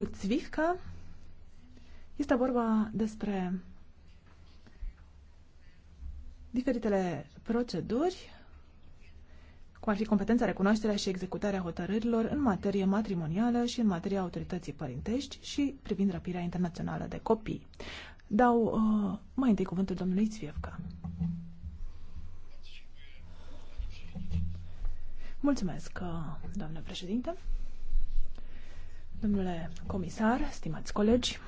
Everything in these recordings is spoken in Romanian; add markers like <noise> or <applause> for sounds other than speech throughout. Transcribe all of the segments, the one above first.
Zvivca. Este vorba despre diferitele proceduri, cum ar fi competența, recunoașterea și executarea hotărârilor în materie matrimonială și în materie autorității părintești și privind răpirea internațională de copii. Dau uh, mai întâi cuvântul domnului Zvievca. Mulțumesc, uh, doamnă președinte. Domnule comisar, stimați colegi,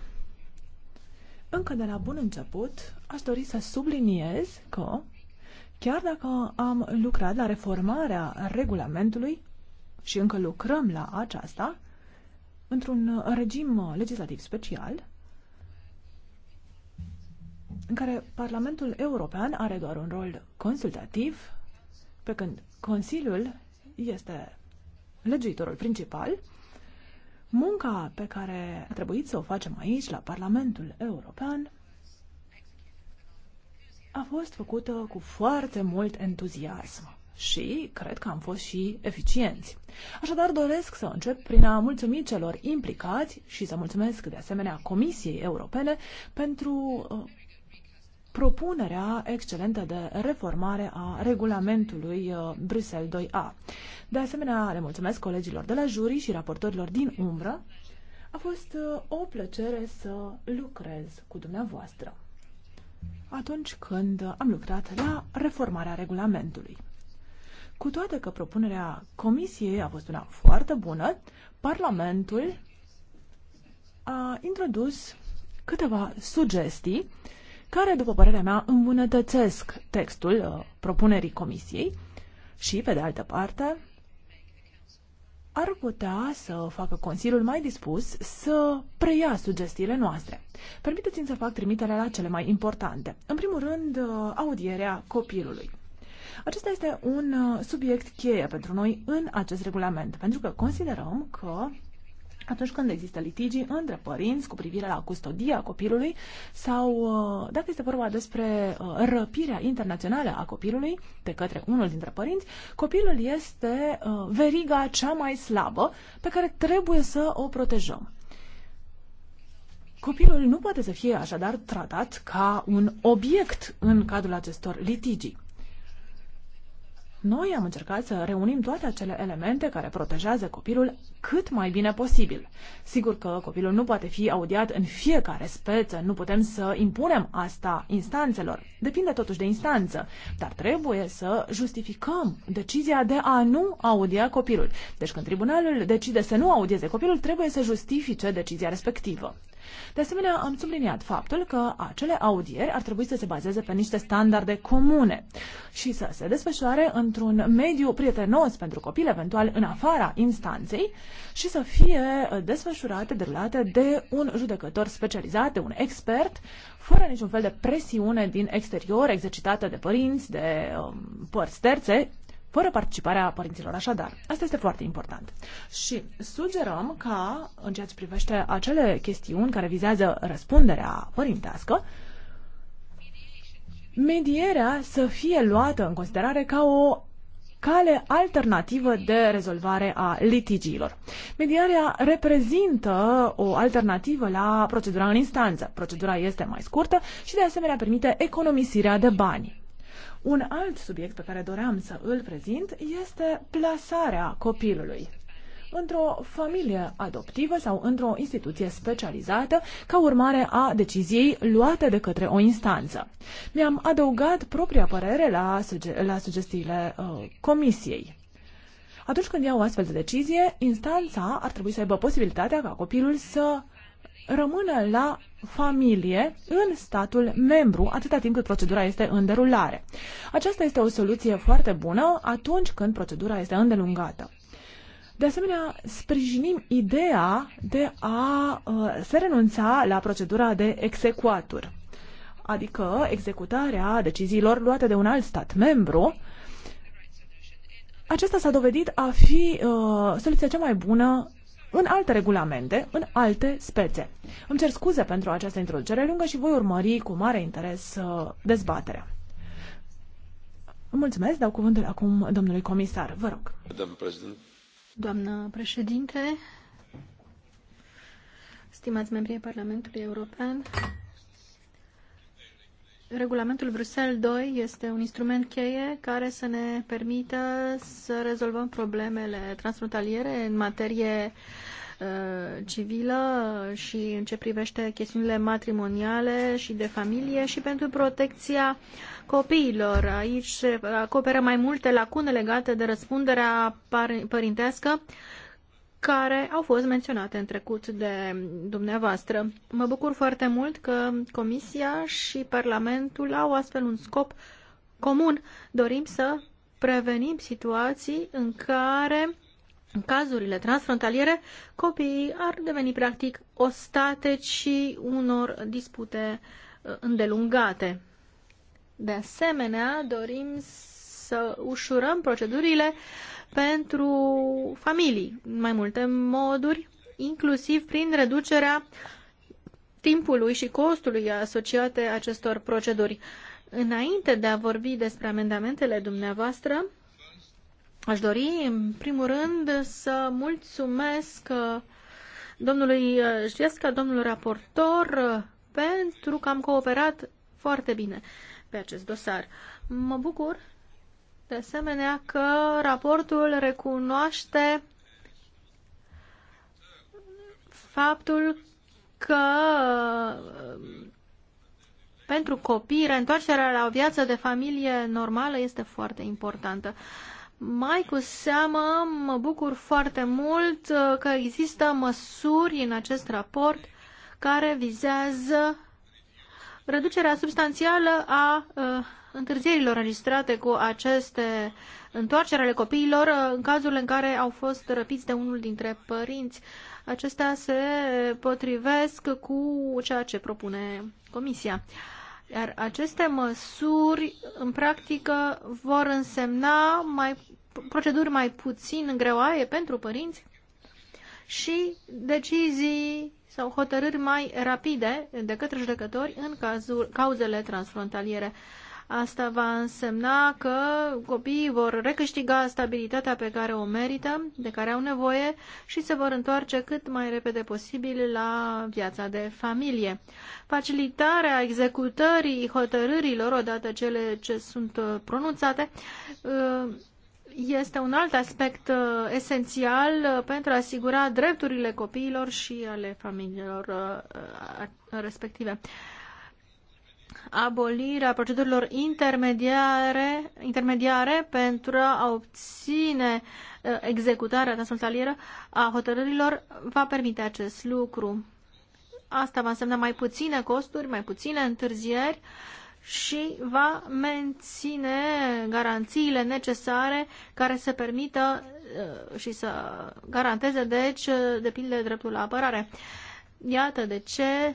încă de la bun început aș dori să subliniez că, chiar dacă am lucrat la reformarea regulamentului și încă lucrăm la aceasta, într-un regim legislativ special, în care Parlamentul European are doar un rol consultativ, pe când Consiliul este legiuitorul principal, Munca pe care a trebuit să o facem aici, la Parlamentul European, a fost făcută cu foarte mult entuziasm și cred că am fost și eficienți. Așadar doresc să încep prin a mulțumi celor implicați și să mulțumesc de asemenea Comisiei Europene pentru uh, propunerea excelentă de reformare a regulamentului uh, Bruxelles 2A. De asemenea, le mulțumesc colegilor de la juri și raportorilor din umbră. A fost uh, o plăcere să lucrez cu dumneavoastră atunci când am lucrat la reformarea regulamentului. Cu toate că propunerea Comisiei a fost una foarte bună, Parlamentul a introdus câteva sugestii care, după părerea mea, îmbunătățesc textul uh, propunerii Comisiei și, pe de altă parte, ar putea să facă Consiliul mai dispus să preia sugestiile noastre. Permiteți-mi să fac trimiterea la cele mai importante. În primul rând, uh, audierea copilului. Acesta este un uh, subiect cheie pentru noi în acest regulament, pentru că considerăm că atunci când există litigii între părinți cu privire la custodia copilului sau uh, dacă este vorba despre uh, răpirea internațională a copilului de către unul dintre părinți, copilul este uh, veriga cea mai slabă pe care trebuie să o protejăm. Copilul nu poate să fie așadar tratat ca un obiect în cadrul acestor litigii. Noi am încercat să reunim toate acele elemente care protejează copilul cât mai bine posibil. Sigur că copilul nu poate fi audiat în fiecare speță, nu putem să impunem asta instanțelor. Depinde totuși de instanță, dar trebuie să justificăm decizia de a nu audia copilul. Deci când tribunalul decide să nu audieze copilul, trebuie să justifice decizia respectivă. De asemenea, am subliniat faptul că acele audieri ar trebui să se bazeze pe niște standarde comune și să se desfășoare într-un mediu prietenos pentru copil, eventual în afara instanței, și să fie uh, desfășurate, derulate de un judecător specializat, de un expert, fără niciun fel de presiune din exterior exercitată de părinți, de um, părți terțe, fără participarea părinților așadar. Asta este foarte important. Și sugerăm ca, în ceea ce privește acele chestiuni care vizează răspunderea părintească, medierea să fie luată în considerare ca o cale alternativă de rezolvare a litigiilor. Mediarea reprezintă o alternativă la procedura în instanță. Procedura este mai scurtă și de asemenea permite economisirea de bani. Un alt subiect pe care doream să îl prezint este plasarea copilului într-o familie adoptivă sau într-o instituție specializată ca urmare a deciziei luate de către o instanță. Mi-am adăugat propria părere la, suge- la sugestiile uh, comisiei. Atunci când iau astfel de decizie, instanța ar trebui să aibă posibilitatea ca copilul să rămână la familie în statul membru, atâta timp cât procedura este în derulare. Aceasta este o soluție foarte bună atunci când procedura este îndelungată. De asemenea, sprijinim ideea de a uh, se renunța la procedura de execuatur, adică executarea deciziilor luate de un alt stat membru. Acesta s-a dovedit a fi uh, soluția cea mai bună în alte regulamente, în alte spețe. Îmi cer scuze pentru această introducere lungă și voi urmări cu mare interes uh, dezbaterea. Mulțumesc, dau cuvântul acum domnului comisar. Vă rog. Doamnă președinte. Doamnă președinte, stimați membrii Parlamentului European, Regulamentul Bruxelles 2 este un instrument cheie care să ne permită să rezolvăm problemele transfrontaliere în materie uh, civilă și în ce privește chestiunile matrimoniale și de familie și pentru protecția copiilor. Aici se acoperă mai multe lacune legate de răspunderea părintească care au fost menționate în trecut de dumneavoastră. Mă bucur foarte mult că Comisia și Parlamentul au astfel un scop comun. Dorim să prevenim situații în care, în cazurile transfrontaliere, copiii ar deveni practic ostateci unor dispute uh, îndelungate. De asemenea, dorim să ușurăm procedurile uh, pentru familii în mai multe moduri, inclusiv prin reducerea timpului și costului asociate acestor proceduri. Înainte de a vorbi despre amendamentele dumneavoastră, aș dori, în primul rând, să mulțumesc uh, domnului uh, Știesca, domnul raportor, uh, pentru că am cooperat foarte bine pe acest dosar. Mă bucur de asemenea că raportul recunoaște faptul că uh, pentru copii reîntoarcerea la o viață de familie normală este foarte importantă. Mai cu seamă, mă bucur foarte mult uh, că există măsuri în acest raport care vizează reducerea substanțială a uh, întârzierilor înregistrate cu aceste întoarceri ale copiilor uh, în cazul în care au fost răpiți de unul dintre părinți. Acestea se potrivesc cu ceea ce propune Comisia. Iar aceste măsuri, în practică, vor însemna mai, proceduri mai puțin greoaie pentru părinți și decizii sau hotărâri mai rapide de către judecători în cazul, cauzele transfrontaliere. Asta va însemna că copiii vor recâștiga stabilitatea pe care o merită, de care au nevoie și se vor întoarce cât mai repede posibil la viața de familie. Facilitarea executării hotărârilor, odată cele ce sunt uh, pronunțate, uh, este un alt aspect uh, esențial pentru a asigura drepturile copiilor și ale familiilor respective abolirea procedurilor intermediare, intermediare pentru a obține uh, executarea transfrontalieră a hotărârilor va permite acest lucru. Asta va însemna mai puține costuri, mai puține întârzieri și va menține garanțiile necesare care să permită uh, și să garanteze, deci, uh, de pildă, dreptul la apărare. Iată de ce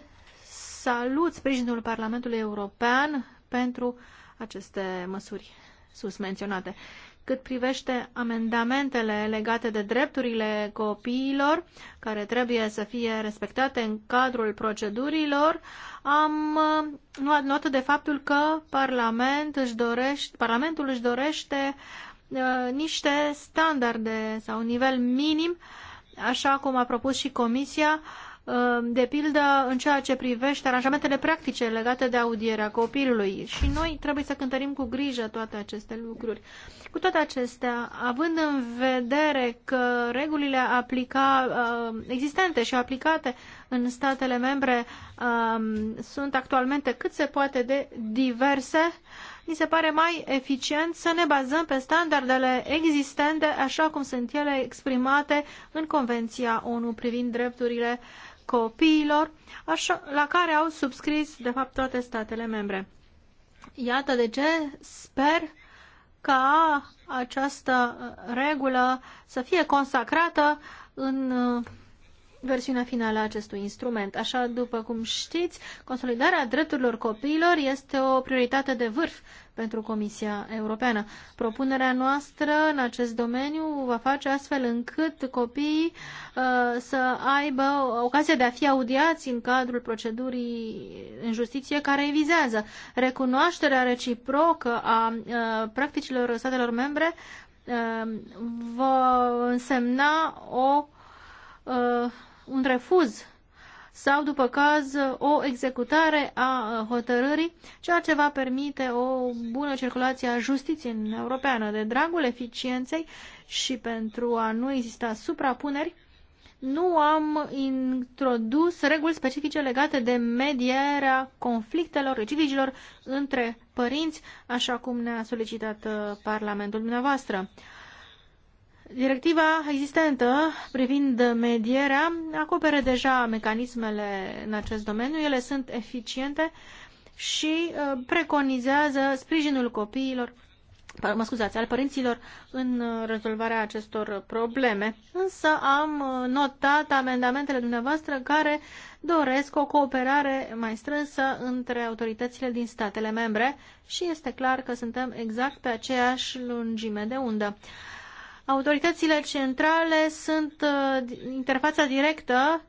salut sprijinul Parlamentului European pentru aceste măsuri sus menționate. Cât privește amendamentele legate de drepturile copiilor, care trebuie să fie respectate în cadrul procedurilor, am luat notă de faptul că Parlament își dorește, Parlamentul își dorește uh, niște standarde sau un nivel minim, așa cum a propus și Comisia, uh, Ehm, de pildă în ceea ce privește aranjamentele practice legate de audierea copilului și noi trebuie să cântărim cu grijă toate aceste lucruri. Cu toate acestea, având în vedere că regulile aplica, ehm, existente și aplicate în statele membre ehm, sunt actualmente cât se poate de diverse, mi se pare mai eficient să ne bazăm pe standardele existente așa cum sunt ele exprimate în Convenția ONU privind drepturile uh, copiilor, așa, la care au subscris, de fapt, toate statele membre. Iată de ce sper ca această uh, regulă să fie consacrată în uh, versiunea finală a acestui instrument. Așa, după cum știți, consolidarea drepturilor copiilor este o prioritate de vârf pentru Comisia Europeană. Propunerea noastră în acest domeniu va face astfel încât copiii uh, să aibă ocazia de a fi audiați în cadrul procedurii în justiție care îi vizează. Recunoașterea reciprocă a uh, practicilor statelor membre uh, va însemna o uh, un refuz sau, după caz, o executare a hotărârii, ceea ce va permite o bună circulație a justiției în europeană. De dragul eficienței și pentru a nu exista suprapuneri, nu am introdus reguli specifice legate de medierea conflictelor litigilor între părinți, așa cum ne-a solicitat uh, Parlamentul dumneavoastră. Directiva existentă privind medierea acoperă deja mecanismele în acest domeniu, ele sunt eficiente și uh, preconizează sprijinul copiilor, mă scuzați, al părinților în uh, rezolvarea acestor probleme. Însă am uh, notat amendamentele dumneavoastră care doresc o cooperare mai strânsă între autoritățile din statele membre și este clar că suntem exact pe aceeași lungime de undă autoritățile centrale sunt uh, interfața directă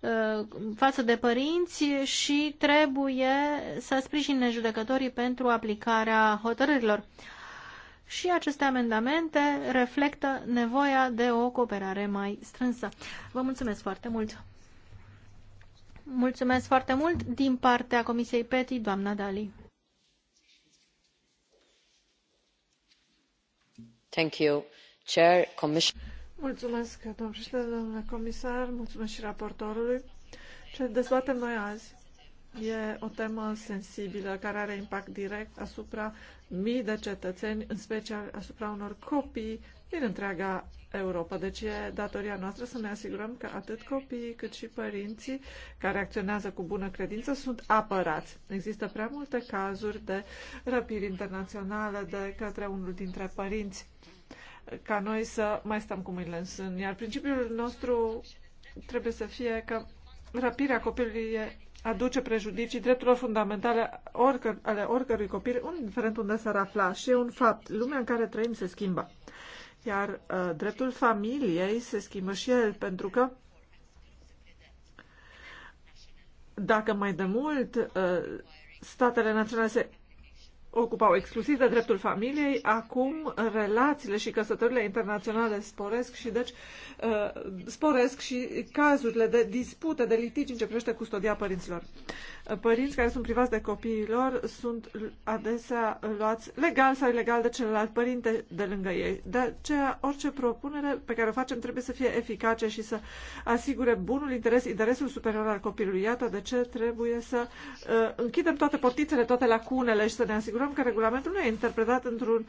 uh, față de părinți și trebuie să sprijine judecătorii pentru aplicarea hotărârilor. Și aceste amendamente reflectă nevoia de o cooperare mai strânsă. Vă mulțumesc foarte mult! Mulțumesc foarte mult din partea Comisiei PETI, doamna Dali. Thank you. Mulțumesc, domnule președinte, domnule comisar, mulțumesc și raportorului. Ce dezbatem noi azi e o temă sensibilă care are impact direct asupra mii de cetățeni, în special asupra unor copii din întreaga Europa. Deci e datoria noastră să ne asigurăm că atât copiii cât și părinții care acționează cu bună credință sunt apărați. Există prea multe cazuri de răpiri internaționale de către unul dintre părinți ca noi să mai stăm cu mâinile în sân. Iar principiul nostru trebuie să fie că răpirea copilului aduce prejudicii drepturilor fundamentale oricăr, ale oricărui copil, indiferent unde s-ar afla. Și e un fapt. Lumea în care trăim se schimbă. Iar uh, dreptul familiei se schimbă și el, pentru că dacă mai de mult uh, statele naționale se ocupau exclusiv de dreptul familiei, acum relațiile și căsătorile internaționale sporesc și deci uh, sporesc și cazurile de dispute, de litigi în ce privește custodia părinților. Uh, părinți care sunt privați de copiii lor sunt adesea luați legal sau ilegal de celălalt părinte de lângă ei. De aceea, orice propunere pe care o facem trebuie să fie eficace și să asigure bunul interes, interesul superior al copilului. Iată de ce trebuie să uh, închidem toate portițele, toate lacunele și să ne asigurăm asigurăm că regulamentul nu e interpretat într-un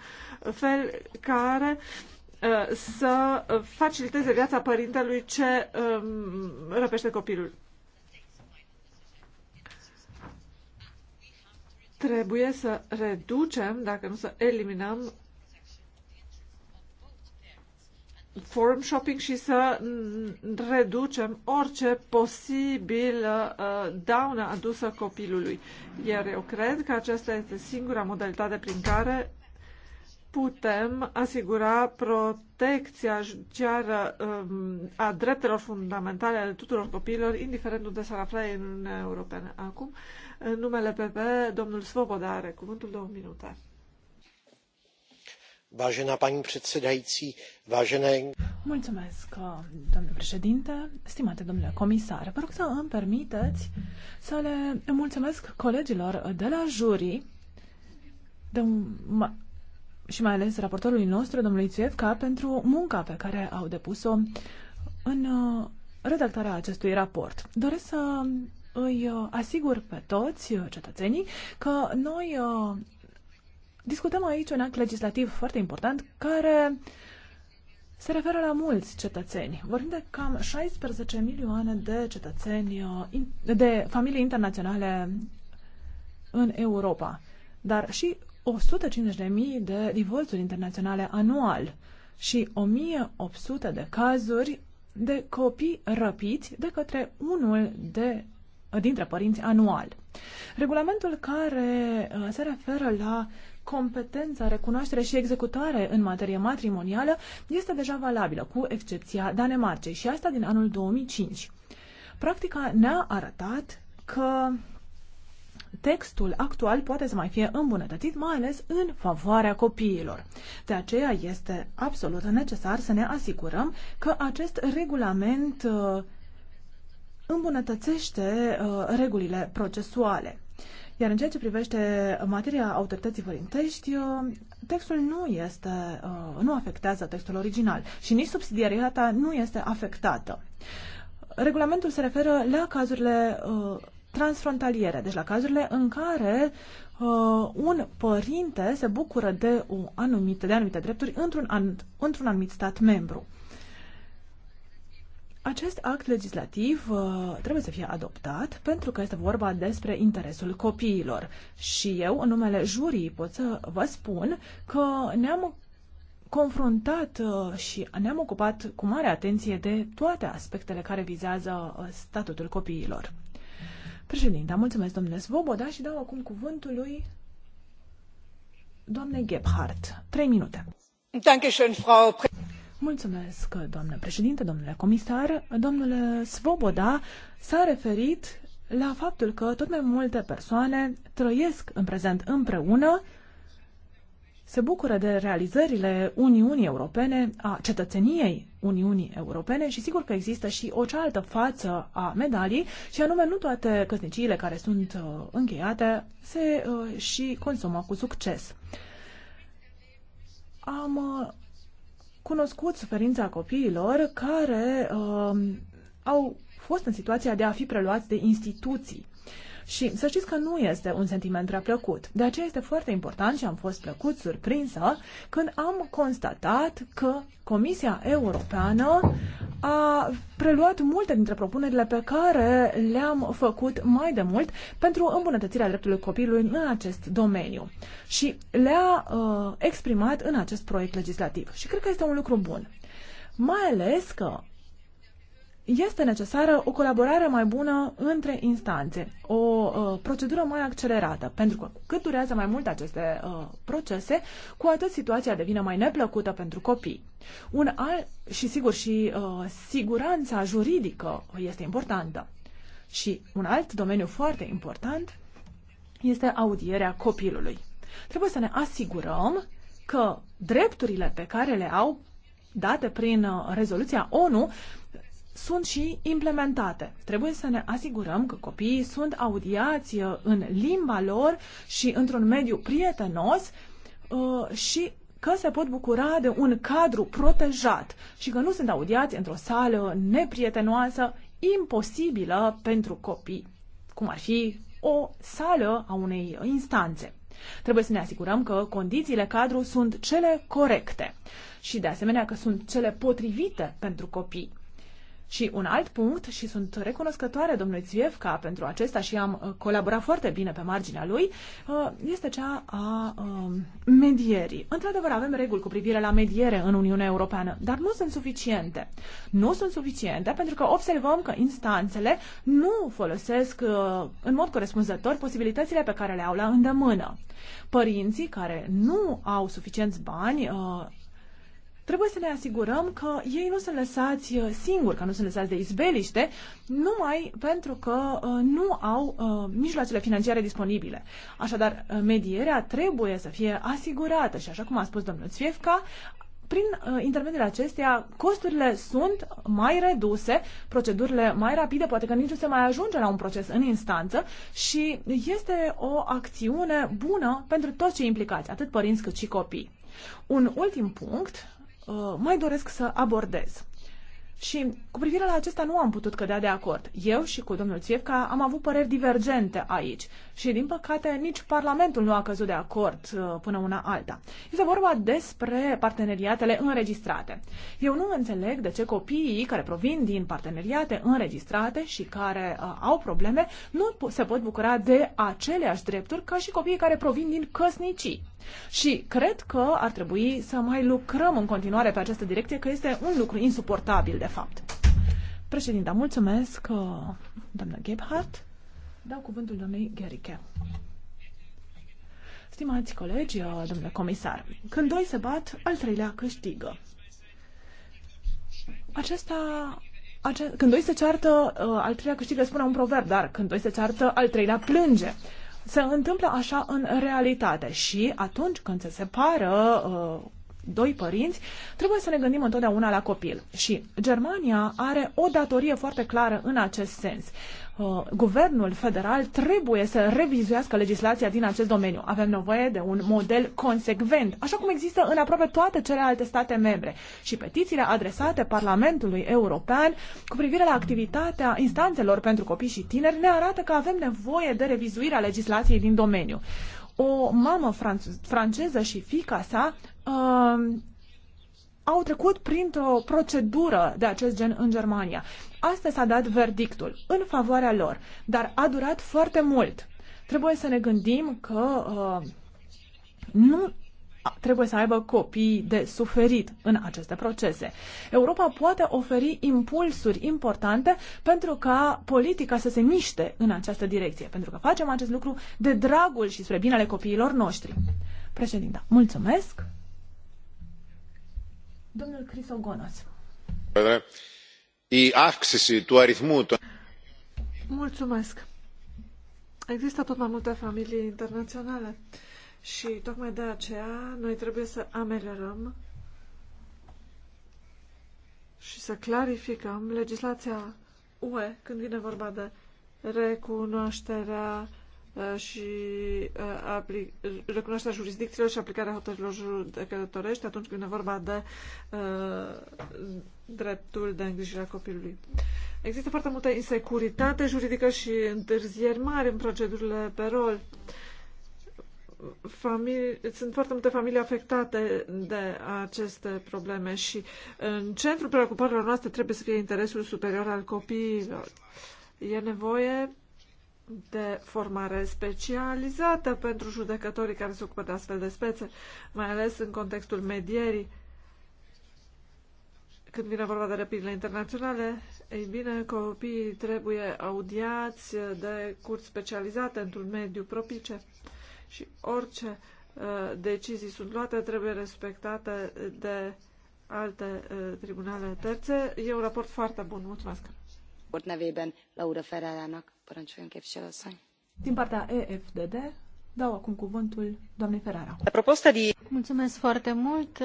fel care uh, să faciliteze viața părintelui ce um, răpește copilul. trebuie să reducem, dacă nu să eliminăm, forum shopping și să reducem orice posibil uh, daună adusă copilului. Iar eu cred că aceasta este singura modalitate prin care putem asigura protecția judiciară um, a dreptelor fundamentale ale tuturor copiilor, indiferent unde s-ar afla în Uniunea Europeană. Acum, în numele PP, domnul Svoboda are cuvântul două minute paní předsedající Mulțumesc, uh, domnule președinte, stimate domnule comisar. Vă rog să îmi permiteți să le mulțumesc colegilor de la juri, de, ma, și mai ales raportorului nostru, domnului Țuievca, pentru munca pe care au depus-o în uh, redactarea acestui raport. Doresc să îi uh, asigur pe toți cetățenii că noi Discutăm aici un act legislativ foarte important care se referă la mulți cetățeni. Vorbim de cam 16 milioane de cetățeni, uh, de familii internaționale în Europa, dar și 150.000 de divorțuri internaționale anual și 1800 de cazuri de copii răpiți de către unul de, dintre părinți anual. Regulamentul care uh, se referă la competența, recunoaștere și executare în materie matrimonială este deja valabilă, cu excepția Danemarcei și asta din anul 2005. Practica ne-a arătat că textul actual poate să mai fie îmbunătățit, mai ales în favoarea copiilor. De aceea este absolut necesar să ne asigurăm că acest regulament uh, îmbunătățește uh, regulile procesuale. Iar în ceea ce privește materia autorității părintești, uh, textul nu este, uh, nu afectează textul original și nici subsidiaritatea nu este afectată. Regulamentul se referă la cazurile uh, transfrontaliere, deci la cazurile în care un părinte se bucură de, o anumită de anumite drepturi într-un, an, într-un anumit stat membru. Acest act legislativ uh, trebuie să fie adoptat pentru că este vorba despre interesul copiilor. Și eu, în numele jurii, pot să vă spun că ne-am confruntat uh, și ne-am ocupat cu mare atenție de toate aspectele care vizează uh, statutul copiilor. Președinte, mulțumesc domnule Svoboda și dau acum cuvântul lui doamne Gebhardt. Trei minute. Dankeschön, Frau Mulțumesc, doamnă președinte, domnule comisar. Domnule Svoboda s-a referit la faptul că tot mai multe persoane trăiesc în prezent împreună, se bucură de realizările Uniunii Europene, a cetățeniei Uniunii Europene și sigur că există și o cealaltă față a medalii și anume nu toate căsniciile care sunt uh, încheiate se uh, și consumă cu succes. Am uh, cunoscut suferința copiilor care uh, au fost în situația de a fi preluați de instituții. Și să știți că nu este un sentiment prea plăcut. De aceea este foarte important și am fost plăcut surprinsă când am constatat că Comisia Europeană a preluat multe dintre propunerile pe care le-am făcut mai de mult pentru îmbunătățirea dreptului copilului în acest domeniu și le-a uh, exprimat în acest proiect legislativ. Și cred că este un lucru bun. Mai ales că este necesară o colaborare mai bună între instanțe, o uh, procedură mai accelerată, pentru că cât durează mai mult aceste uh, procese, cu atât situația devine mai neplăcută pentru copii. Un al, și sigur, și uh, siguranța juridică este importantă. Și un alt domeniu foarte important este audierea copilului. Trebuie să ne asigurăm că drepturile pe care le au date prin uh, rezoluția ONU sunt și implementate. Trebuie să ne asigurăm că copiii sunt audiați uh, în limba lor și într-un mediu prietenos uh, și că se pot bucura de un cadru protejat și că nu sunt audiați într-o sală neprietenoasă, imposibilă pentru copii, cum ar fi o sală a unei instanțe. Trebuie să ne asigurăm că condițiile cadru sunt cele corecte și, de asemenea, că sunt cele potrivite pentru copii. Și un alt punct, și sunt recunoscătoare domnului Țievca pentru acesta și am uh, colaborat foarte bine pe marginea lui, uh, este cea a um, medierii. Într-adevăr, avem reguli cu privire la mediere în Uniunea Europeană, dar nu sunt suficiente. Nu sunt suficiente pentru că observăm că instanțele nu folosesc uh, în mod corespunzător posibilitățile pe care le au la îndemână. Părinții care nu au suficienți bani Trebuie să ne asigurăm că ei nu sunt lăsați uh, singuri, că nu sunt lăsați de izbeliște, numai pentru că uh, nu au uh, mijloacele financiare disponibile. Așadar, medierea trebuie să fie asigurată și, așa cum a spus domnul Țviefca, prin intermediul acesteia, costurile sunt mai reduse, procedurile mai rapide, poate că nici nu se mai ajunge la un proces în instanță și este o acțiune bună pentru toți cei implicați, atât părinți cât și copii. Un ultim punct Uh, mai doresc să abordez. Și cu privire la acesta nu am putut cădea de acord. Eu și cu domnul Țiefca am avut păreri divergente aici și, din păcate, nici Parlamentul nu a căzut de acord uh, până una alta. Este vorba despre parteneriatele înregistrate. Eu nu înțeleg de ce copiii care provin din parteneriate înregistrate și care uh, au probleme nu se pot bucura de aceleași drepturi ca și copiii care provin din căsnicii. Și cred că ar trebui să mai lucrăm în continuare pe această direcție, că este un lucru insuportabil, de fapt. Președinta, mulțumesc, uh, doamna Gebhardt. Dau cuvântul doamnei Gherike. Stimați colegi, uh, domnule comisar, când doi se bat, al treilea câștigă. Acesta, ace, când doi se ceartă, uh, al treilea câștigă, spune un proverb, dar când doi se ceartă, al treilea plânge se întâmplă așa în realitate și atunci când se separă uh, doi părinți, trebuie să ne gândim întotdeauna la copil. Și Germania are o datorie foarte clară în acest sens. Uh, guvernul federal trebuie să revizuiască legislația din acest domeniu. Avem nevoie de un model consecvent, așa cum există în aproape toate celelalte state membre. Și petițiile adresate Parlamentului European cu privire la activitatea instanțelor pentru copii și tineri ne arată că avem nevoie de revizuirea legislației din domeniu. O mamă franceză și fica sa um, au trecut printr-o procedură de acest gen în Germania. Asta s-a dat verdictul în favoarea lor, dar a durat foarte mult. Trebuie să ne gândim că uh, nu trebuie să aibă copii de suferit în aceste procese. Europa poate oferi impulsuri importante pentru ca politica să se miște în această direcție, pentru că facem acest lucru de dragul și spre binele copiilor noștri. Președinta, mulțumesc. Domnul Crisogonos. Păi, αύξηση του αριθμού των... Mulțumesc. Există tot mai multe familii internaționale și tocmai de aceea noi trebuie să ameliorăm și să clarificăm legislația UE când vine vorba de recunoașterea uh, și uh, apli- recunoașterea jurisdicțiilor și aplicarea hotărârilor judecătorești atunci când vine vorba de uh, dreptul de îngrijire a copilului. Există foarte multă insecuritate juridică și întârzieri mari în procedurile pe rol. Famili... Sunt foarte multe familii afectate de aceste probleme și în centrul preocupărilor noastre trebuie să fie interesul superior al copiilor. E nevoie de formare specializată pentru judecătorii care se ocupă de astfel de spețe, mai ales în contextul medierii când vine vorba de răpirile internaționale, ei bine, copiii trebuie audiați de curți specializate într-un mediu propice și orice uh, decizii sunt luate trebuie respectate de alte uh, tribunale terțe. E un raport foarte bun. Mulțumesc! Laura Din partea EFDD, Dau acum cuvântul doamnei Ferrara. Mulțumesc foarte mult.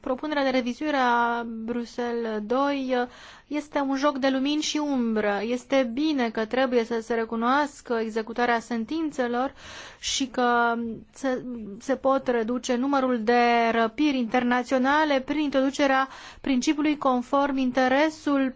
Propunerea de revizuire a Bruxelles 2 este un joc de lumini și umbră. Este bine că trebuie să se recunoască executarea sentințelor și că se, se pot reduce numărul de răpiri internaționale prin introducerea principiului conform interesul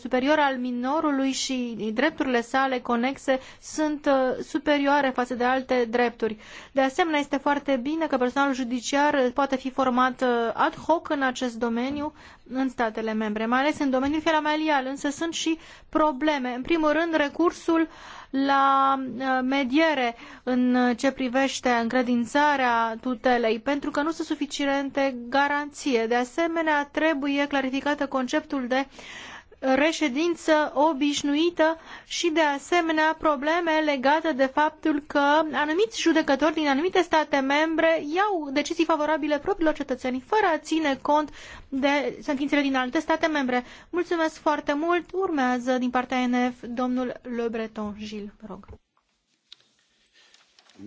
superior al minorului și drepturile sale conexe sunt uh, superioare față de alte drepturi. De asemenea, este foarte bine că personalul judiciar poate fi format uh, ad hoc în acest domeniu în statele membre, mai ales în domeniul familial, însă sunt și probleme. În primul rând, recursul la uh, mediere în uh, ce privește încredințarea tutelei, pentru că nu sunt suficiente garanție. De asemenea, trebuie clarificată conceptul de uh, reședință obișnuită și de asemenea probleme legate de faptul că anumiți judecători din anumite state membre iau decizii favorabile propriilor cetățeni fără a ține cont de sentințele din alte state membre. Mulțumesc foarte mult. Urmează din partea NF domnul Le Breton Gilles, vă rog.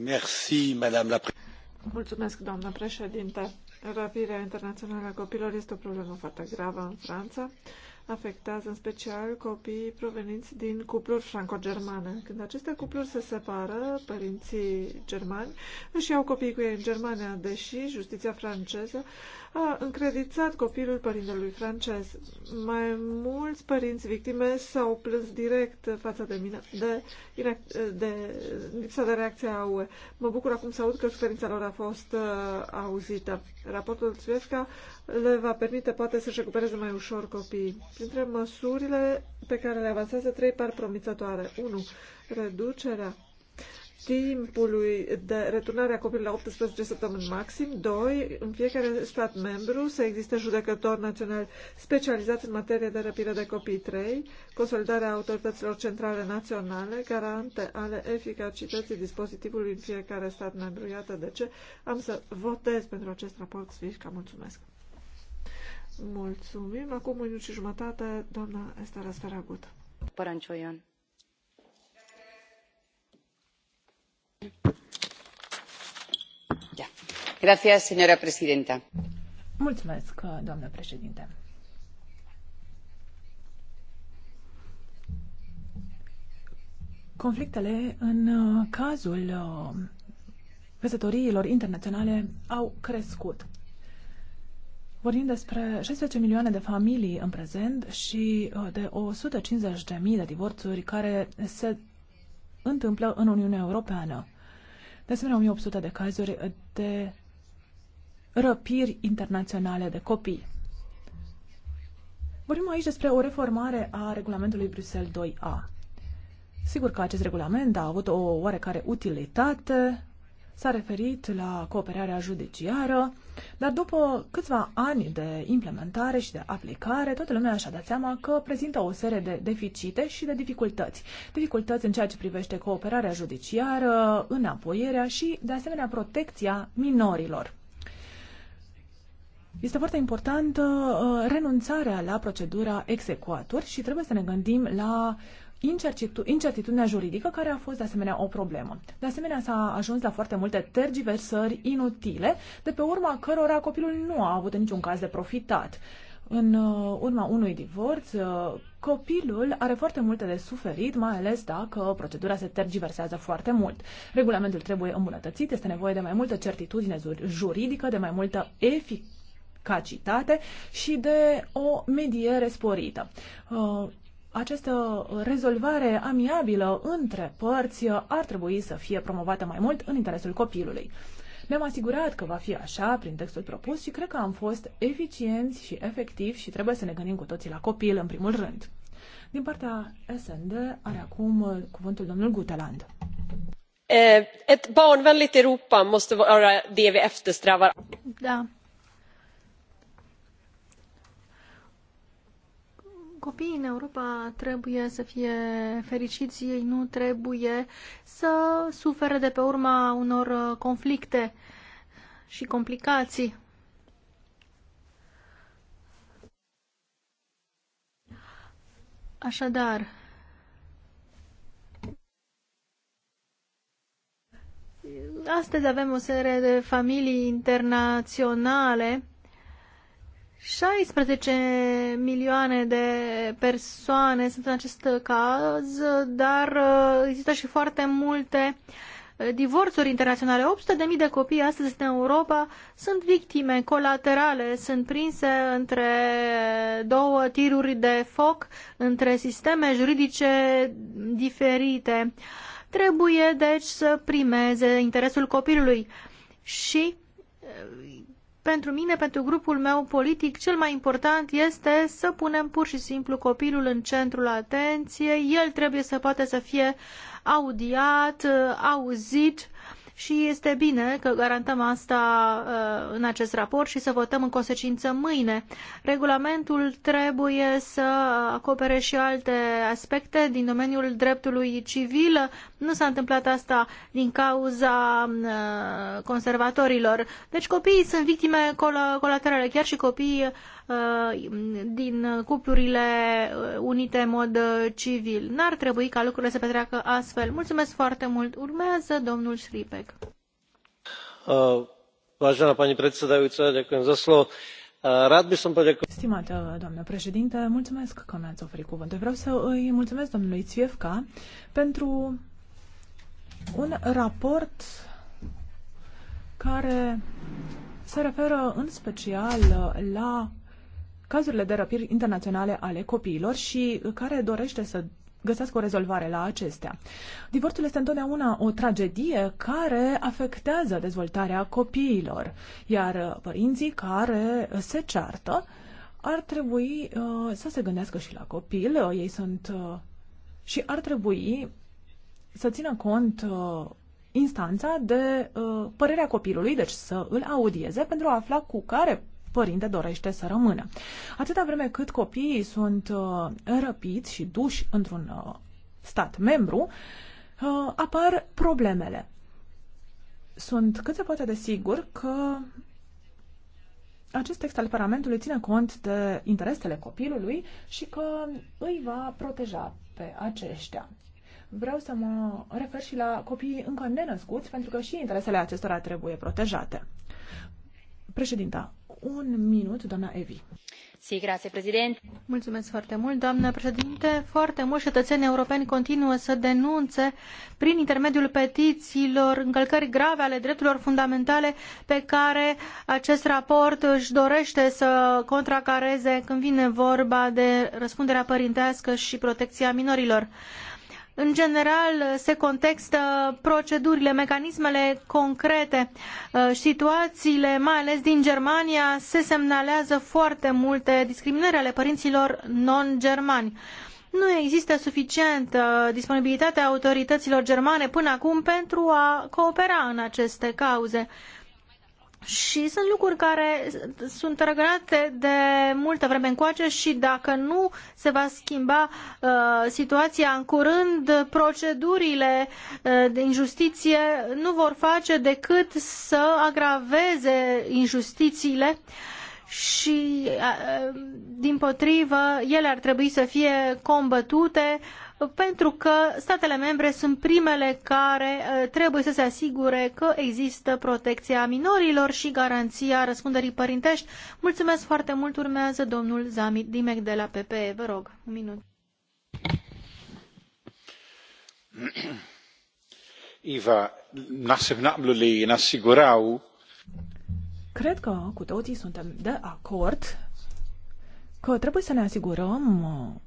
Merci, madame la Mulțumesc, doamnă președinte. Răpirea internațională a copilor este o problemă foarte gravă în Franța afectează în special copiii proveniți din cupluri franco-germane. Când aceste cupluri se separă, părinții germani își iau copiii cu ei în Germania, deși justiția franceză a încredițat copilul părintelui francez. Mai mulți părinți victime s-au plâns direct față de mine de, de, de lipsa de reacție a UE. Mă bucur acum să aud că suferința lor a fost uh, auzită. Raportul Țuiesca le va permite poate să-și recupereze mai ușor copiii. Printre măsurile pe care le avansează trei par promițătoare. 1. Reducerea timpului de returnare a copilului la 18 săptămâni maxim. 2. În fiecare stat membru să existe judecător național specializat în materie de răpire de copii. 3. Consolidarea autorităților centrale naționale, garante ale eficacității dispozitivului în fiecare stat membru. Iată de ce am să votez pentru acest raport SWIFT. Mulțumesc! Mulțumim. Acum un minut și jumătate, doamna Estera Sferagut. Părăncioian. Yeah. Da. Gracias, señora presidenta. Mulțumesc, doamnă președinte. Conflictele în uh, cazul uh, căsătoriilor internaționale au crescut. Vorbim despre 16 milioane de familii în prezent și uh, de 150.000 de de divorțuri care se întâmplă în Uniunea Europeană. De asemenea, 1800 de cazuri de răpiri internaționale de copii. Vorbim aici despre o reformare a regulamentului Bruxelles 2A. Sigur că acest regulament a avut o oarecare utilitate s-a referit la cooperarea judiciară, dar după câțiva ani de implementare și de aplicare, toată lumea și-a dat seama că prezintă o serie de deficite și de dificultăți. Dificultăți în ceea ce privește cooperarea judiciară, înapoierea și, de asemenea, protecția minorilor. Este foarte importantă uh, renunțarea la procedura execuatur și trebuie să ne gândim la incertitudinea juridică, care a fost de asemenea o problemă. De asemenea, s-a ajuns la foarte multe tergiversări inutile, de pe urma cărora copilul nu a avut în niciun caz de profitat. În uh, urma unui divorț, uh, copilul are foarte multe de suferit, mai ales dacă procedura se tergiversează foarte mult. Regulamentul trebuie îmbunătățit, este nevoie de mai multă certitudine juridică, de mai multă eficacitate și de o mediere sporită. Uh, această rezolvare amiabilă între părți ar trebui să fie promovată mai mult în interesul copilului. Ne-am asigurat că va fi așa prin textul propus și cred că am fost eficienți și efectivi și trebuie să ne gândim cu toții la copil în primul rând. Din partea SND are acum cuvântul domnul Guteland. Et eh, barnvänligt Europa måste vara det vi eftersträvar. Da, Copiii în Europa trebuie să fie fericiți, ei nu trebuie să sufere de pe urma unor uh, conflicte și complicații. Așadar, astăzi avem o serie de familii internaționale 16 milioane de persoane sunt în acest caz, dar uh, există și foarte multe uh, divorțuri internaționale. 800.000 de copii astăzi în Europa sunt victime colaterale, sunt prinse între două tiruri de foc, între sisteme juridice diferite. Trebuie, deci, să primeze interesul copilului și uh, pentru mine, pentru grupul meu politic, cel mai important este să punem pur și simplu copilul în centrul atenției. El trebuie să poată să fie audiat, auzit, uh, și este bine că garantăm asta uh, în acest raport și să votăm în consecință mâine. Regulamentul trebuie să acopere și alte aspecte din domeniul dreptului civil. Nu s-a întâmplat asta din cauza uh, conservatorilor. Deci copiii sunt victime col colaterale, chiar și copiii Uh, din cuplurile uh, unite în mod uh, civil. N-ar trebui ca lucrurile să petreacă astfel. Mulțumesc foarte mult. Urmează domnul Șripec. Vážená pani predsedajúca, ďakujem za slovo. Rad by som poďakoval. Stimată doamnă președinte, mulțumesc că mi-ați oferit cuvântul. Vreau să îi mulțumesc domnului Țiefca pentru un raport care se referă în special la cazurile de răpiri internaționale ale copiilor și care dorește să găsească o rezolvare la acestea. Divorțul este întotdeauna o tragedie care afectează dezvoltarea copiilor, iar părinții care se ceartă ar trebui uh, să se gândească și la copil. Uh, ei sunt uh, și ar trebui să țină cont uh, instanța de uh, părerea copilului, deci să îl audieze pentru a afla cu care părinte dorește să rămână. Atâta vreme cât copiii sunt uh, răpiți și duși într-un uh, stat membru, uh, apar problemele. Sunt cât se poate de sigur că acest text al Parlamentului ține cont de interesele copilului și că îi va proteja pe aceștia. Vreau să mă refer și la copiii încă nenăscuți, pentru că și interesele acestora trebuie protejate. Președinta, un minut, doamna Evi. Sí, grazie, Mulțumesc foarte mult, doamnă președinte. Foarte mulți cetățeni europeni continuă să denunțe prin intermediul petițiilor încălcări grave ale drepturilor fundamentale pe care acest raport își dorește să contracareze când vine vorba de răspunderea părintească și protecția minorilor în general se contextă procedurile, mecanismele concrete, uh, situațiile, mai ales din Germania, se semnalează foarte multe discriminări ale părinților non-germani. Nu există suficientă uh, disponibilitate a autorităților germane până acum pentru a coopera în aceste cauze. Și sunt lucruri care sunt regrate de multă vreme încoace și dacă nu se va schimba uh, situația în curând, procedurile uh, din justiție nu vor face decât să agraveze injustițiile și, uh, uh din potrivă, ele ar trebui să fie combătute uh, pentru că statele membre sunt primele care uh, trebuie să se asigure că există protecția minorilor și garanția răspunderii părintești. Mulțumesc foarte mult, urmează domnul Zamit Dimec de la PPE. Vă rog, un minut. <clears throat> Iva, naħseb naqblu li Cred că cu toții suntem de acord că trebuie să ne asigurăm uh,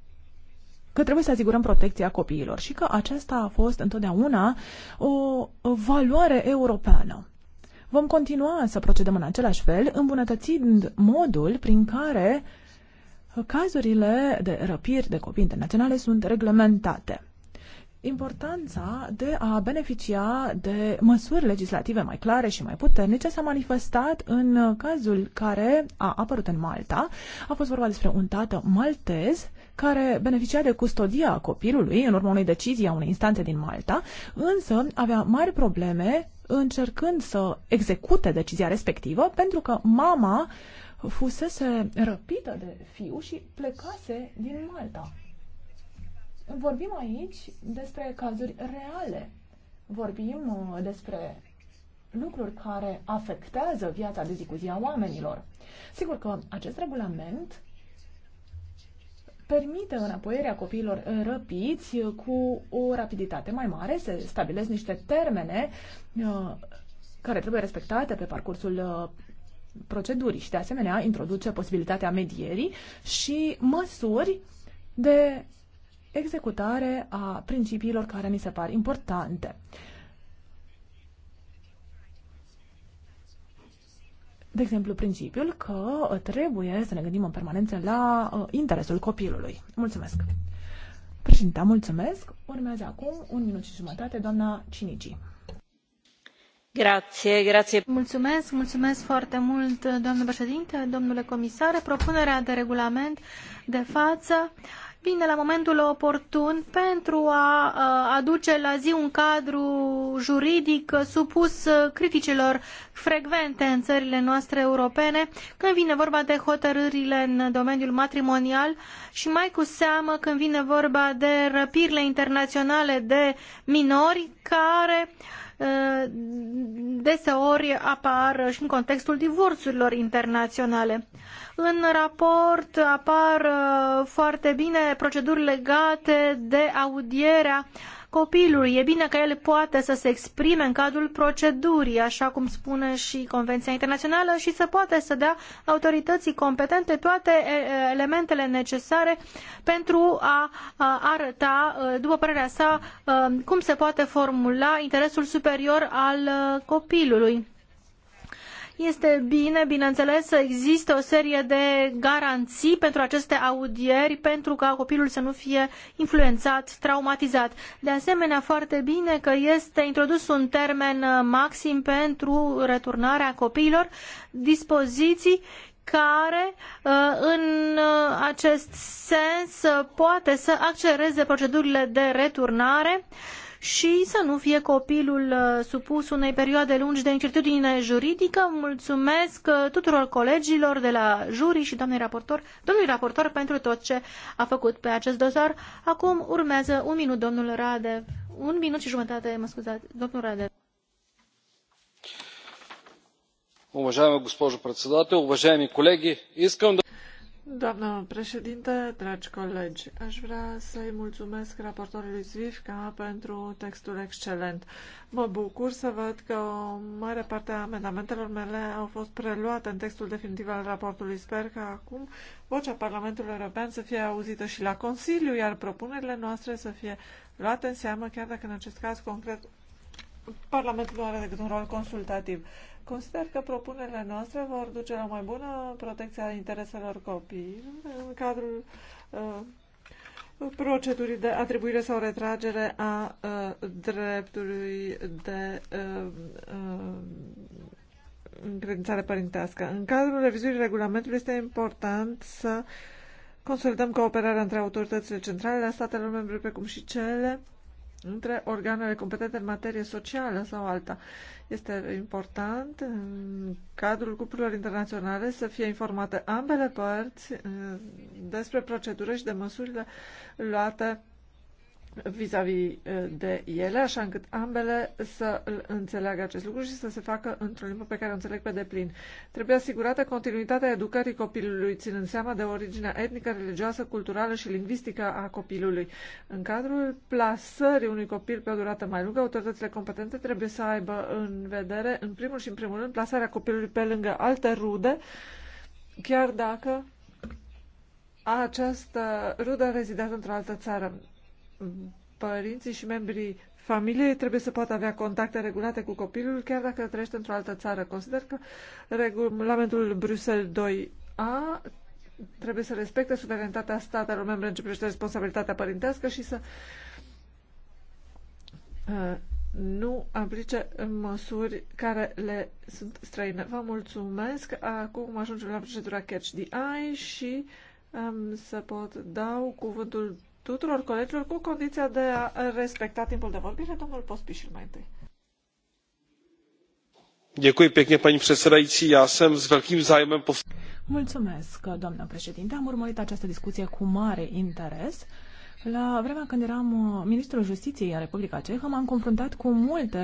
că trebuie să asigurăm protecția copiilor și că aceasta a fost întotdeauna o valoare europeană. Vom continua să procedăm în același fel, îmbunătățind modul prin care cazurile de răpiri de copii internaționale sunt reglementate. Importanța de a beneficia de măsuri legislative mai clare și mai puternice s-a manifestat în cazul care a apărut în Malta. A fost vorba despre un tată maltez care beneficia de custodia copilului în urma unei decizii a unei instanțe din Malta, însă avea mari probleme încercând să execute decizia respectivă pentru că mama fusese răpită de fiu și plecase din Malta. Vorbim aici despre cazuri reale. Vorbim uh, despre lucruri care afectează viața de zi cu zi a oamenilor. Sigur că acest regulament permite înapoierea copiilor răpiți cu o rapiditate mai mare, se stabilesc niște termene uh, care trebuie respectate pe parcursul uh, procedurii și de asemenea introduce posibilitatea medierii și măsuri de executare a principiilor care mi se par importante. de exemplu, principiul că trebuie să ne gândim în permanență la uh, interesul copilului. Mulțumesc! Președinta, mulțumesc! Urmează acum un minut și jumătate, doamna Cinici. Grație, grație. Mulțumesc, mulțumesc foarte mult, domnule președinte, domnule comisar. Propunerea de regulament de față uh, vine la momentul oportun pentru a aduce la zi un cadru juridic supus criticilor frecvente în țările noastre europene când vine vorba de hotărârile în domeniul matrimonial și mai cu seamă când vine vorba de răpirile internaționale de minori care Eh, deseori apar și în contextul divorțurilor internaționale. În raport apar eh, foarte bine proceduri legate de audierea uh, copilului. E bine că el poate să se exprime în cadrul procedurii, așa cum spune și Convenția Internațională, și să poate să dea autorității competente toate elementele necesare pentru a arăta, după părerea sa, cum se poate formula interesul superior al copilului. Este bine, bineînțeles, să existe o serie de garanții pentru aceste audieri, pentru ca copilul să nu fie influențat, traumatizat. De asemenea, foarte bine că este introdus un termen uh, maxim pentru returnarea copiilor, dispoziții care uh, în uh, acest sens poate să accelereze procedurile de returnare și să nu fie copilul uh, supus unei perioade lungi de incertitudine juridică. Mulțumesc uh, tuturor colegilor de la juri și doamnei raportor, domnului raportor pentru tot ce a făcut pe acest dosar. Acum urmează un minut, domnul Rade. Un minut și jumătate, mă scuzați, domnul Rade. Уважаема госпожо председател, уважаеми колеги, искам да Doamnă președinte, dragi colegi, aș vrea să-i mulțumesc raportorului Zvifca pentru textul excelent. Mă bucur să văd că o mare parte a amendamentelor mele au fost preluate în textul definitiv al raportului. Sper că acum vocea Parlamentului European să fie auzită și la Consiliu, iar propunerile noastre să fie luate în seamă, chiar dacă în acest caz concret Parlamentul nu are decât un rol consultativ. Consider că propunerile noastre vor duce la mai bună protecție a intereselor copiilor în cadrul uh, procedurii de atribuire sau retragere a uh, dreptului de uh, uh, încredințare părintească. În cadrul revizuirii regulamentului este important să consolidăm cooperarea între autoritățile centrale ale statelor membre, precum și cele între organele competente în materie socială sau alta. Este important în cadrul cuplurilor internaționale să fie informate ambele părți uh, despre procedură și de măsurile luate vis-a-vis -vis de ele, așa încât ambele să înțeleagă acest lucru și să se facă într-o limbă pe care o înțeleg pe deplin. Trebuie asigurată continuitatea educării copilului, ținând seama de originea etnică, religioasă, culturală și lingvistică a copilului. În cadrul plasării unui copil pe o durată mai lungă, autoritățile competente trebuie să aibă în vedere, în primul și în primul rând, plasarea copilului pe lângă alte rude, chiar dacă această rudă rezidează într-o altă țară părinții și membrii familiei trebuie să poată avea contacte regulate cu copilul, chiar dacă trăiește într-o altă țară. Consider că regulamentul Bruxelles 2A trebuie să respecte suverenitatea statelor membre în ce privește responsabilitatea părintească și să uh, nu aplice măsuri care le sunt străine. Vă mulțumesc. Acum ajungem la procedura Catch the Eye și um, să pot dau cuvântul tuturor colegilor cu condiția de a respecta timpul de vorbire. Domnul Pospișil mai întâi. Děkuji pěkně, paní předsedající. Já jsem s velkým zájmem Mulțumesc, doamnă președinte. Am urmărit această discuție cu mare interes la vremea când eram uh, ministrul justiției în Republica Cehă, m-am confruntat cu multe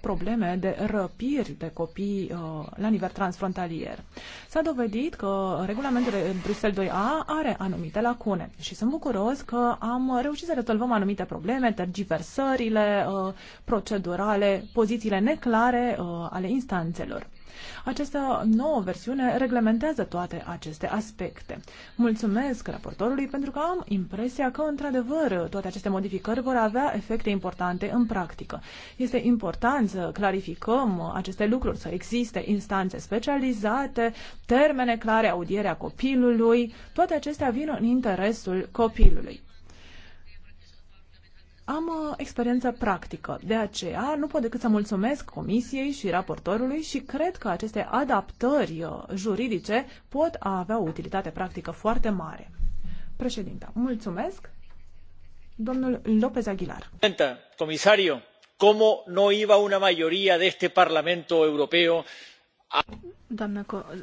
probleme de răpiri de copii uh, la nivel transfrontalier. S-a dovedit că regulamentul Bruxelles 2A are anumite lacune și sunt bucuros că am reușit să rezolvăm anumite probleme, tergiversările uh, procedurale, pozițiile neclare uh, ale instanțelor. Această nouă versiune reglementează toate aceste aspecte. Mulțumesc raportorului pentru că am impresia că, într-adevăr, toate aceste modificări vor avea efecte importante în practică. Este important să clarificăm aceste lucruri, să existe instanțe specializate, termene clare, audierea copilului, toate acestea vin în interesul copilului. Am uh, experiență practică, de aceea nu pot decât să mulțumesc comisiei și raportorului și cred că aceste adaptări uh, juridice pot avea o utilitate practică foarte mare. Președinta, mulțumesc. Domnul López Aguilar. Comisario, cum nu iba una mayoría de este Parlamento Europeo a...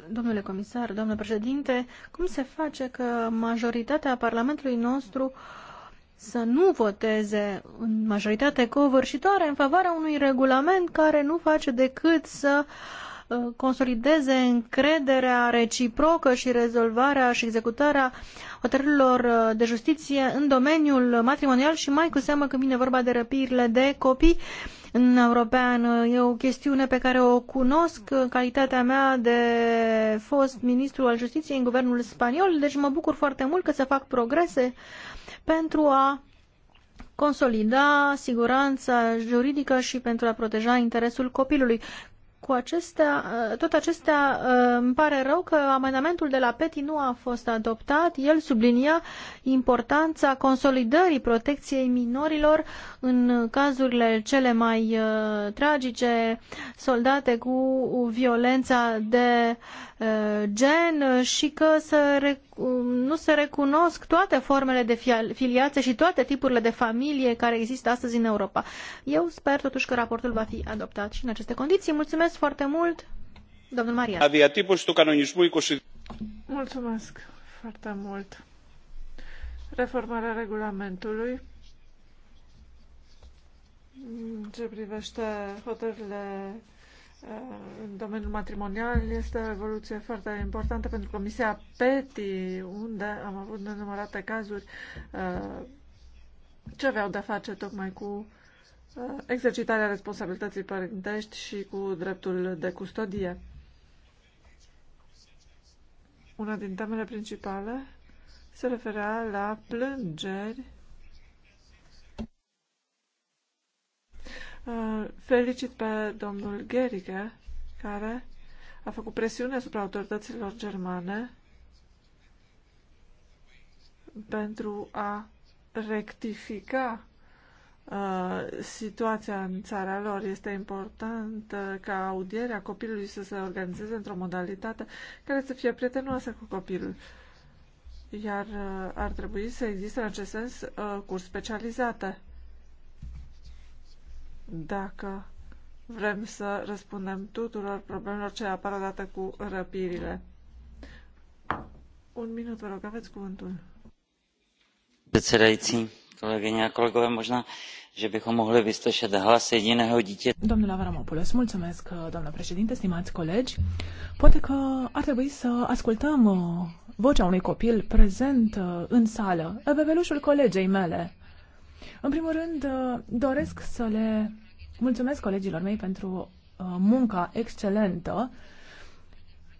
domnule comisar, domnule președinte, cum se face că majoritatea Parlamentului nostru uh, să nu voteze în majoritate covârșitoare în favoarea unui regulament care nu face decât să uh, consolideze încrederea reciprocă și rezolvarea și executarea hotărârilor uh, de justiție în domeniul matrimonial și mai cu seamă când vine vorba de răpirile de copii în european. Uh, e o chestiune pe care o cunosc în calitatea mea de fost ministru al justiției în guvernul spaniol, deci mă bucur foarte mult că se fac progrese uh, pentru a consolida siguranța juridică și pentru a proteja interesul copilului. Cu acestea, eh, tot acestea eh, îmi pare rău că amendamentul de la PETI nu a fost adoptat. El sublinia importanța consolidării protecției minorilor în cazurile cele mai eh, tragice soldate cu violența de gen și că să rec- Um, nu se recunosc toate formele de filiație și toate tipurile de familie care există astăzi în Europa. Eu sper totuși că raportul va fi adoptat și în aceste condiții. Mulțumesc foarte mult, domnul Maria. Mulțumesc foarte mult. Reformarea regulamentului ce privește hotările Uh, în domeniul matrimonial este o evoluție foarte importantă pentru Comisia PETI, unde am avut nenumărate cazuri uh, ce aveau de-a face tocmai cu uh, exercitarea responsabilității părintești și cu dreptul de custodie. Una din temele principale se referea la plângeri Felicit pe domnul Gerige, care a făcut presiune asupra autorităților germane pentru a rectifica uh, situația în țara lor. Este important uh, ca audierea copilului să se organizeze într-o modalitate care să fie prietenoasă cu copilul. Iar uh, ar trebui să existe în acest sens uh, cursuri specializate dacă vrem să răspundem tuturor problemelor ce apar odată cu răpirile. Un minut, vă rog, aveți cuvântul. Předsedající, kolegyně a kolegové, možná, že bychom mohli vyslyšet hlas jediného dítě. Domnule Avramopoulos, mulțumesc, doamnă președinte, stimați colegi. Poate că ar trebui să ascultăm uh, vocea unui copil prezent uh, în sală, bebelușul colegei mele, în primul rând, uh, doresc să le mulțumesc colegilor mei pentru uh, munca excelentă.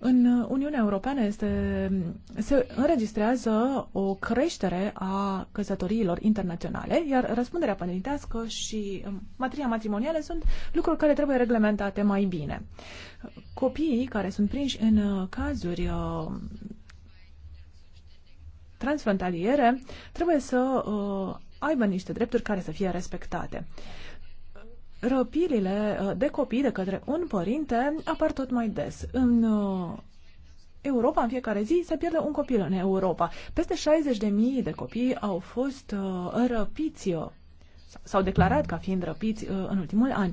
În Uniunea Europeană este, se înregistrează o creștere a căsătoriilor internaționale, iar răspunderea părintească și um, materia matrimonială sunt lucruri care trebuie reglementate mai bine. Copiii care sunt prinși în uh, cazuri transfrontaliere trebuie să aibă niște drepturi care să fie respectate. Răpirile uh, de copii de către un părinte apar tot mai des. În uh, Europa, în fiecare zi, se pierde un copil în Europa. Peste 60.000 de copii au fost uh, răpiți s-au declarat ca fiind răpiți în ultimul an.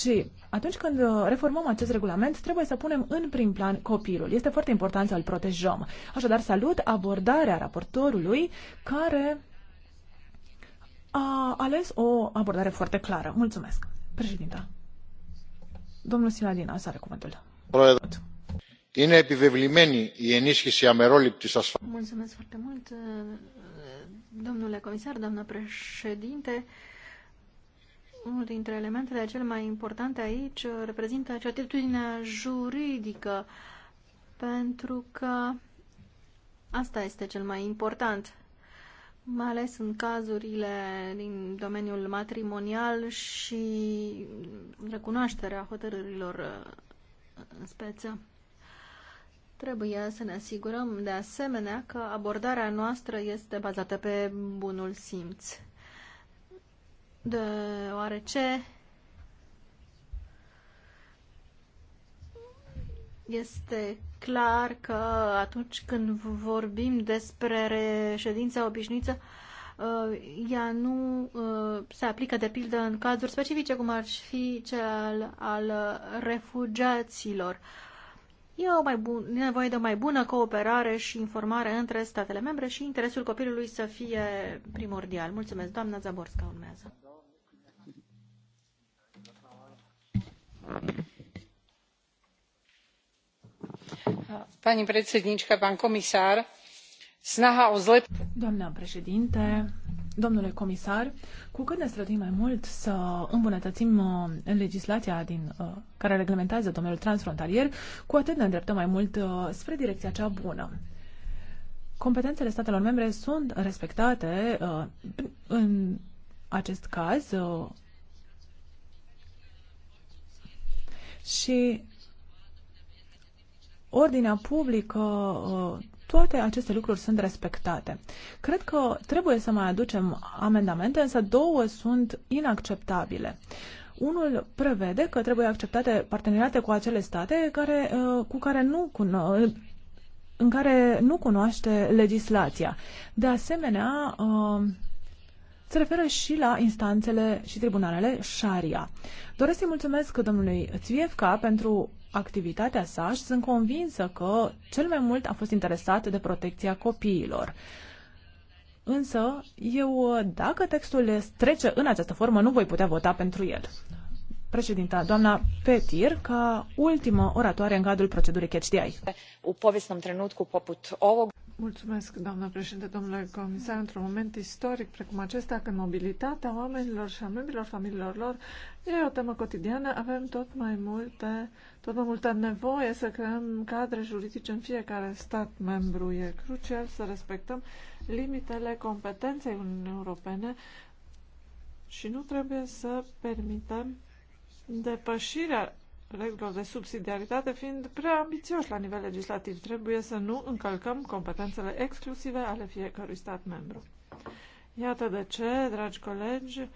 Și atunci când reformăm acest regulament, trebuie să punem în prim plan copilul. Este foarte important să îl protejăm. Așadar, salut abordarea raportorului care a ales o abordare foarte clară. Mulțumesc. Președinta. Domnul Siladina, să are cuvântul. Είναι επιβεβλημένη η ενίσχυση αμερόληπτης Mulțumesc foarte mult, uh, domnule comisar, doamnă președinte. Unul dintre elementele cele mai importante aici uh, reprezintă certitudinea juridică, pentru că asta este cel mai important mai ales în cazurile din domeniul matrimonial și recunoașterea hotărârilor uh, în speță. Trebuie să ne asigurăm de asemenea că abordarea noastră este bazată pe bunul simț, deoarece este clar că atunci când vorbim despre reședința obișnuită, uh, ea nu uh, se aplică, de pildă, în cazuri specifice, cum ar fi cel al refugiaților. E o mai bun, e nevoie de o mai bună cooperare și informare între statele membre și interesul copilului să fie primordial. Mulțumesc, doamna Zaborska, urmează doamnă președintă domnule comisar cu cât ne străduim mai mult să îmbunătățim uh, legislația din, uh, care reglementează domeniul transfrontalier, cu atât ne îndreptăm mai mult uh, spre direcția cea bună. Competențele statelor membre sunt respectate în acest caz și ordinea publică, uh, toate aceste lucruri sunt respectate. Cred că trebuie să mai aducem amendamente, însă două sunt inacceptabile. Unul prevede că trebuie acceptate parteneriate cu acele state care, uh, cu care nu cună, uh, în care nu cunoaște legislația. De asemenea, se referă și la instanțele și tribunalele Sharia. Doresc să-i mulțumesc domnului Țvievca pentru activitatea sa și sunt convinsă că cel mai mult a fost interesat de protecția copiilor. Însă, eu, dacă textul trece în această formă, nu voi putea vota pentru el. Președinta, doamna Petir, ca ultimă oratoare în cadrul procedurii CHDI. U poviesnom ovog... Mulțumesc, doamnă președinte, domnule comisar. Într-un moment istoric precum acesta, când mobilitatea oamenilor și a membrilor familiilor lor e o temă cotidiană, avem tot mai multe, tot mai multă nevoie să creăm cadre juridice în fiecare stat membru. E crucial să respectăm limitele competenței Uniunii Europene și nu trebuie să permitem depășirea regulă de subsidiaritate fiind prea ambițioși la nivel legislativ. Trebuie să nu încălcăm competențele exclusive ale fiecărui stat membru. Iată de ce, dragi colegi,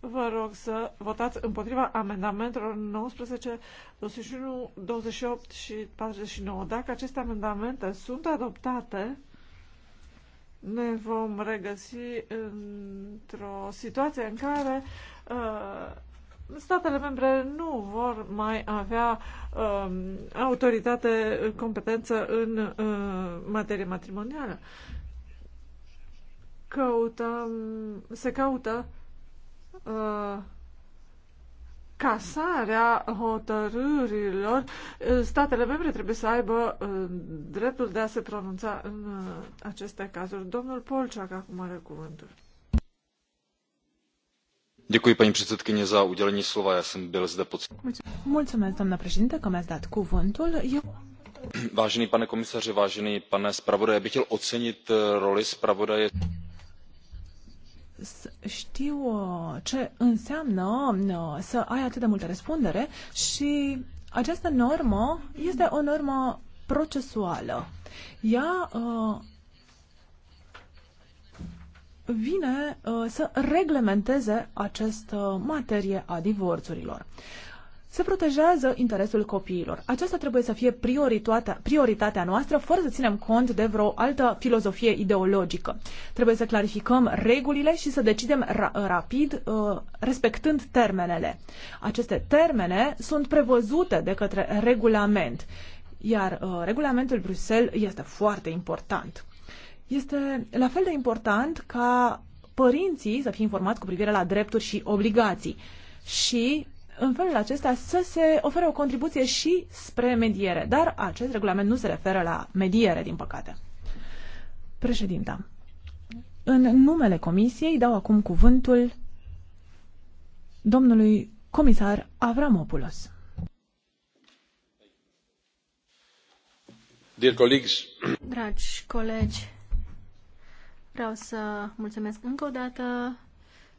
vă rog să votați împotriva amendamentelor 19, 21, 28 și 49. Dacă aceste amendamente sunt adoptate, ne vom regăsi într-o situație în care uh, statele membre nu vor mai avea um, autoritate, competență în uh, materie matrimonială. Căută, se caută uh, casarea hotărârilor. Statele membre trebuie să aibă uh, dreptul de a se pronunța în uh, aceste cazuri. Domnul Polciac acum are cuvântul paní předsedající já jsem byl zde pocten. mulțumesc doamnă președintă că mi ați dat cuvântul. vážený pane komisaři vážený pane zpravodaji já bych chtěl ocenit eh, roli zpravodaje. știu eh, ce înseamnă eh, să ai atât de multă răspundere și această normă este o normă procesuală. Ea uh, vine uh, să reglementeze această uh, materie a divorțurilor. Se protejează interesul copiilor. Aceasta trebuie să fie prioritatea, prioritatea noastră, fără să ținem cont de vreo altă filozofie ideologică. Trebuie să clarificăm regulile și să decidem ra- rapid, uh, respectând termenele. Aceste termene sunt prevăzute de către regulament, iar uh, regulamentul Bruxelles este foarte important. Este la fel de important ca părinții să fie informați cu privire la drepturi și obligații și în felul acesta să se ofere o contribuție și spre mediere, dar acest regulament nu se referă la mediere, din păcate. Președinta, în numele Comisiei dau acum cuvântul domnului comisar Avramopoulos. Dear colleagues. Dragi colegi, Vreau să mulțumesc încă o dată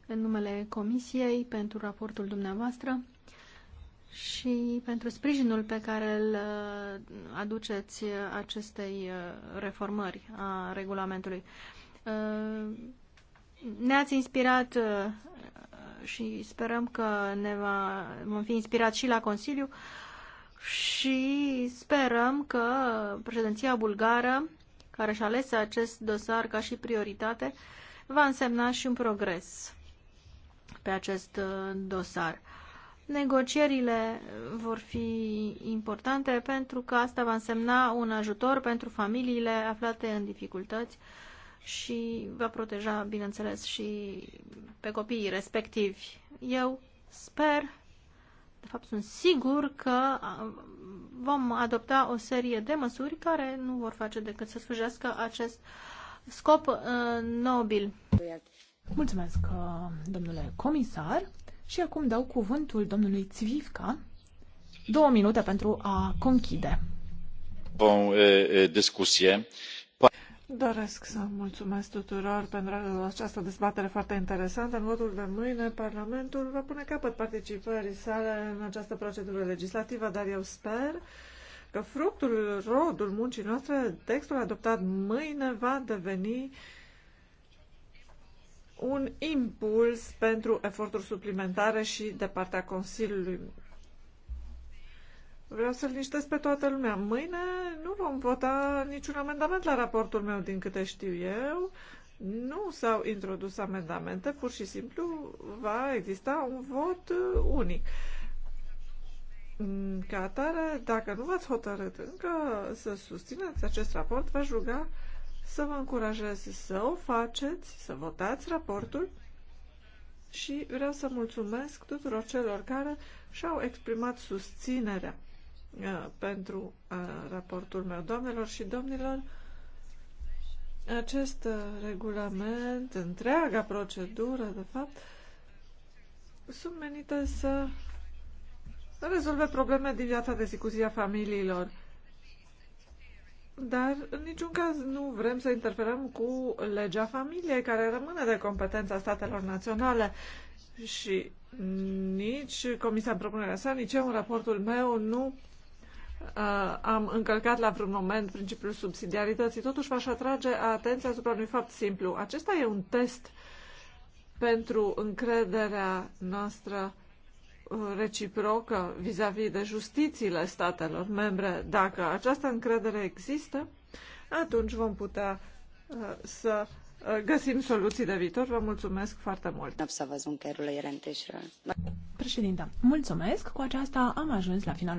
în numele Comisiei pentru raportul dumneavoastră și pentru sprijinul pe care îl uh, aduceți acestei uh, reformări a regulamentului. Uh, ne-ați inspirat și sperăm că ne va, vom fi inspirat și la Consiliu și sperăm că președinția bulgară care și alese acest dosar ca și prioritate, va însemna și un progres pe acest uh, dosar. Negocierile vor fi importante pentru că asta va însemna un ajutor pentru familiile aflate în dificultăți și va proteja, bineînțeles, și pe copiii respectivi. Eu sper de fapt, sunt sigur că vom adopta o serie de măsuri care nu vor face decât să sfârșească acest scop uh, nobil. Mulțumesc, uh, domnule comisar. Și acum dau cuvântul domnului Țivivca. Două minute pentru a conchide. Bun, e, e, discuție. Doresc să mulțumesc tuturor pentru această dezbatere foarte interesantă. În votul de mâine, Parlamentul va pune capăt participării sale în această procedură legislativă, dar eu sper că fructul, rodul muncii noastre, textul adoptat mâine va deveni un impuls pentru eforturi suplimentare și de partea Consiliului. Vreau să-l liniștesc pe toată lumea. Mâine nu vom vota niciun amendament la raportul meu, din câte știu eu. Nu s-au introdus amendamente, pur și simplu va exista un vot uh, unic. Mm, ca atare, dacă nu v-ați hotărât încă să susțineți acest raport, v-aș ruga să vă încurajez să o faceți, să votați raportul și vreau să mulțumesc tuturor celor care și-au exprimat susținerea. Uh, pentru uh, raportul meu. Doamnelor și domnilor, acest uh, regulament, întreaga procedură, de fapt, sunt menite să rezolve probleme din viața de zi cu zi a familiilor. Dar în niciun caz nu vrem să interferăm cu legea familiei, care rămâne de competența statelor naționale. Și nici Comisia propunerea sa, nici eu în raportul meu nu uh, am încălcat la vreun moment principiul subsidiarității. Totuși v-aș atrage atenția asupra unui fapt simplu. Acesta e un test pentru încrederea noastră uh, reciprocă vis-a-vis -vis de justițiile statelor membre. Dacă această încredere există, atunci vom putea uh, să uh, găsim soluții de viitor. Vă mulțumesc foarte mult. Președinta, mulțumesc. Cu aceasta am ajuns la final.